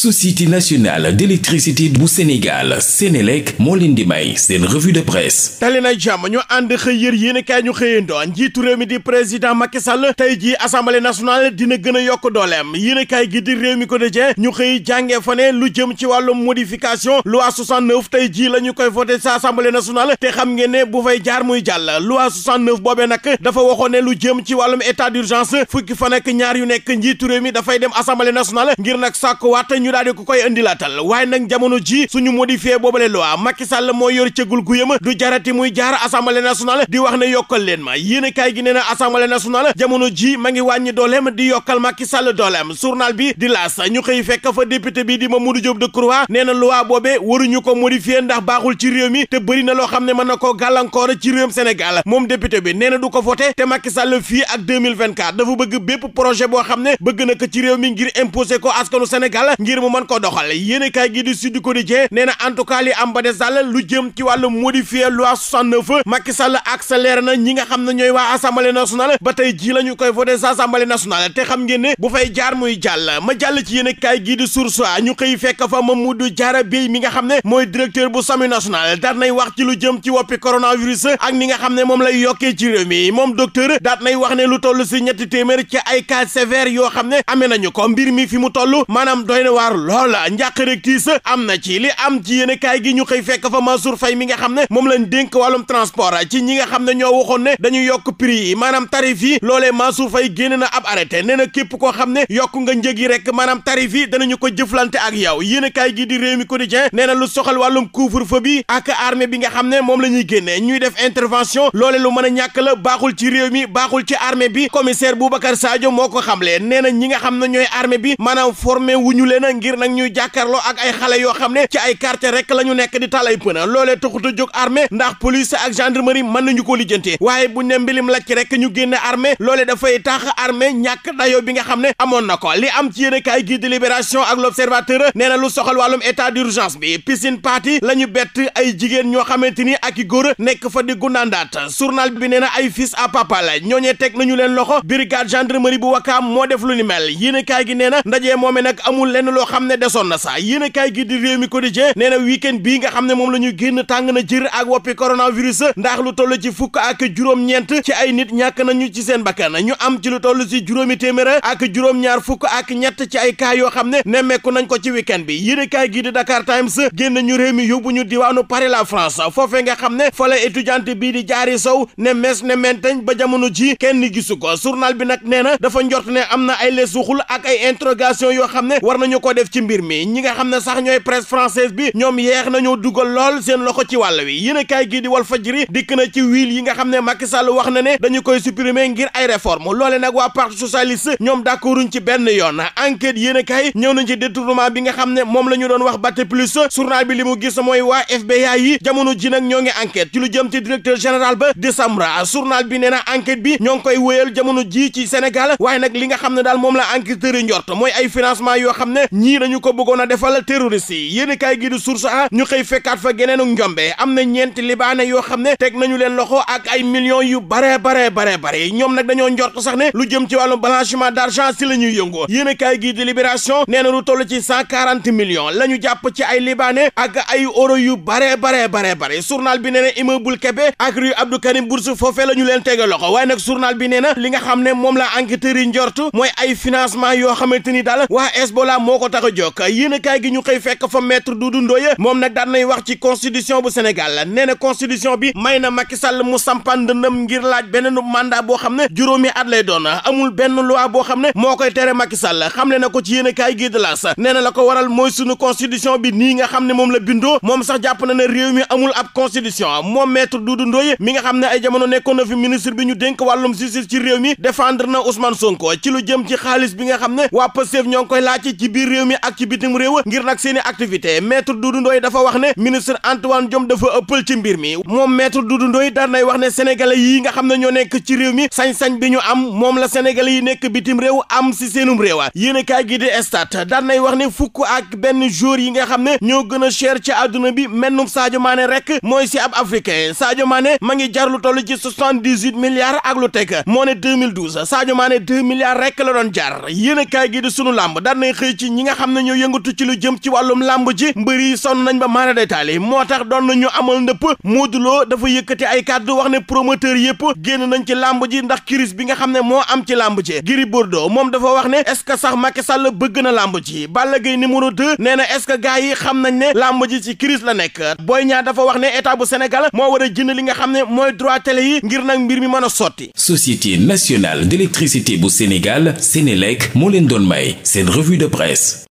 société nationale d'électricité bu Sénégal Sénélec moo leen di may seen revue de presse tali na jàmm ñu ànd xëy yër yéen kaay ñu xëyandoo njiitu réew mi di président Macky tey jii assemblée nationale dina gën a yokk dooleem yéen kaay gi di réew mi ko dëjee ñu xëy jàngee fa ne lu jëm ci wàllu modification loi 69 tey jii la ñu koy voté sa assemblée nationale te xam ngeen ne bu fay jaar muy jàll loi 69 boobee nag dafa waxoon ne lu jëm ci wàllum état d'urgence fukki fan ak ñaar yu nekk njiitu réew mi dafay dem assemblée nationale ngir nag ñu daal di ko koy indilaatal waaye nag jamono ji suñu modifié boobale loi Macky Sall moo yor cëggul guyam du jarati muy jaar assemblée nationale di wax ne yokkal leen ma yéen kaay gi nee na assemblée nationale jamono ji ma ngi wàññi dooleem di yokkal Macky Sall dooleem journal bi di laas ñu xëy fekk fa député bi di ma Diop Decroix nee na loi boobee waruñu ko modifié ndax baaxul ci réew mi te bëri na loo xam ne mën na koo gàllankoor ci réewum Sénégal moom député nee na du ko voté te Macky Sall fii ak 2024 dafa bëgg bépp projet boo xam ne bëgg na ko ci réew mi ngir imposer ko askanu Sénégal ngir ngir mu mën ko doxal yéen kaay gi di Sud Quotidien nee na en tout am ba des daal lu jëm ci wàllu modifier loi 69 Macky Sall accéléré na ñi nga xam ne ñooy waa assemblée nationale ba tey jii la ñu koy voté sa assemblée nationale te xam ngeen ne bu fay jaar muy jàll ma jàll ci yéen kaay gi di Source A ñu xëy fekk fa Mamadou Diarra Bèye mi nga xam ne mooy directeur bu SAMU national daat nay wax ci lu jëm ci woppi coronavirus ak ni nga xam ne moom lay yokkee ci mi moom docteur daat nay wax ne lu toll si ñetti téeméer ci ay cas yoo xam ne amee nañu ko mbir mi fi mu toll waar loola njàqarek tiis am na ci xëy fekk fa Mansour Faye mi nga xam ne moom lañ dénk wàllum transport ci ñi nga xam ne ñoo waxoon ne dañu yokk prix yi maanaam tarif yi loolee Mansour Faye génn na ab arrêté nee na képp koo xam ne yokk nga njëg yi rek maanaam tarif yi danañu ko jëflante ak yow yéen kaay gi di Rewmi Quotidien nee na lu soxal wàllum couvre-feu bi ak armée xam ne moom la ñuy génnee ñuy def intervention loole lu mën a ñàkk la baaxul ci réew mi baaxul ci armée bi commissaire Boubacar saajo moo ko xamle nee na ñi nga xam na ñooy armée bi maanaam formé wuñu leen ngir nag ñuy jàkkaarloo ak ay xale yoo xam ne ci ay quartier rek la ñu nekk di talay pëna loolee taxut a jóg armée ndax police ak gendarmerie mën nañu ko lijjante waaye buñ ne mbilim lacc rek ñu génne armée loolee dafay tax armée bi nga xam ne amoon na ko li am ci yéen kaay gi di libération ak l'observateur nee na lu soxal wàllum état d'urgence bi piscine party la bett ay jigéen ñoo xamante ni ak i góor nekk fa di gundaandaat journal bi nee na ay fils à papa la ñooñee teg nañu leen loxo brigade gendarmerie bu wakaam moo def lu ni mel yéen kaay gi nee na ndaje moome nag amul lenn loo xam ne desoon na saa yéen a kaay gi di réew mi quotidien nee na week-end nga xam ne moom la ñu génn tàng na jër ak woppi coronavirus ndax lu toll ci fukk ak juróom-ñeent ci ay nit ñàkk nañu ci seen bakkan ñu am ci lu toll ci juróomi téeméer ak juróom-ñaar fukk ak ñett ci ay cas yoo xam ne ne nemmeeku nañ ko ci week bi yéen a kaay gi di Dakar Times génn ñu réew mi yóbbu ñu diwaanu Paris la France foofee nga xam ne fa la étudiante bii di jaari sow ne mes ne mentañ ba jamono ji kenn gisu ko journal bi nag nee na dafa njort ne am na ay lees waxul ak ay interrogation yoo xam ne war nañu ko def ci mbir mi ñi nga xam ne sax ñooy presse française bi ñoom yeex nañoo dugal lool seen loxo ci wàll wi yéen a kaay gii di wal fajri dikk na ci wiil yi nga xam ne Macky Sall wax na ne dañu koy supprimer ngir ay reform loole nag waa parti socialiste ñoom d'accorduñ ci benn yoon enquête yéen a kaay ñëw nañ ci détournement bi nga xam ne moom la ñu doon wax batte plus journal bi li mu gis mooy waa FBI yi jamono ji nag ñoo ngi enquête ci lu jëm ci directeur général ba di Samra journal bi nee na enquête bi ñoo ngi koy wéyal jamono ji ci Sénégal waaye nag li nga xam ne daal moom la enquêteur yi mooy ay financement yoo xam ne ñii dañu ko bëggoon a defal terroriste yi yéen i kaay gi di a ñu xëy fekkaat fa geneenu njombe am na ñeenti libaane yoo xam ne teg nañu leen loxo ak ay millions yu bare bare bare bare ñoom nag dañoo njort sax ne lu jëm ci wàllu blanchiment d'argent si la ñuy yëngoo yéen i kaay gi di libération nee na lu toll ci cent quarante millions la ñu jàpp ci ay libaane ak ay euro yu bare bare bare bare journal bi nee na immeuble Kébé ak rue Abdou Karim Bourse foofe la ñu leen tege loxo waaye nag journal bi nee na li nga xam ne moom la enquêteurs yi njort mooy ay financement yoo xamante tax a jóg yéen a kaay gi ñu xëy fekk fa maître Doudou Ndoye moom nag daan nay wax ci constitution bu Sénégal nee na constitution bi may na Macky Sall mu sampan dëndam ngir laaj beneen mandat boo xam ne juróomi at lay doon amul benn loi boo xam ne moo koy tere Macky xam xamle na ko ci yéen a kaay gi de laas nee na la ko waral mooy sunu constitution bi nii nga xam ne moom la bindoo moom sax jàpp na ne réew mi amul ab constitution moom maître Doudou Ndoye mi nga xam ne ay jamono nekkoon na fi ministre bi ñu dénk wàllum justice ci réew mi défendre na Ousmane Sonko ci lu jëm ci xaalis bi nga xam ne waa Pastef ci biir réew mi ak ci bitim réew ngir nag seen i activité maître Doudou Ndoye dafa wax ne ministre Antoine Diome dafa ëppal ci mbir mi moom maître Doudou Ndoye daan nay wax ne sénégalais yi nga xam ne ñoo nekk ci réew mi sañ-sañ bi ñu am moom la sénégalais yi nekk bitim réew am si seenum réew yéen kaa gi di Stades daan nay wax ne fukk ak benn jour yi nga xam ne ñoo gën a cher ci àdduna bi mennum Sadio Mané rek mooy si ab africain saajo Mané ma ngi jar lu toll ci soixante-dix-huit milliards ak lu teg moo ne 2012 Sadio Mané deux milliards la doon jar yéen nga xam ne ñoo yëngatu ci lu jëm ci wàllum làmb ji mbër yi sonn nañ ba maana daytaali moo tax doon nañu amal ndëpp Modou Lo dafa yëkkati ay kàddu wax ne promoteur yëpp génn nañ ci làmb ji ndax crise bi nga xam ne moo am ci làmb ji Gris Bordeaux moom dafa wax ne est-ce que sax Macky Sall bëgg na làmb ji Balla Gaye numéro 2 nee na est-ce que gars yi xam nañ ne làmb ji ci crise la nekk Boy Niang dafa wax ne état bu Sénégal moo war a jënd li nga xam ne mooy droit télé yi ngir nag mbir mi mën a sotti Société nationale d'électricité bu Sénégal Sénélec moo leen doon may seen revue de presse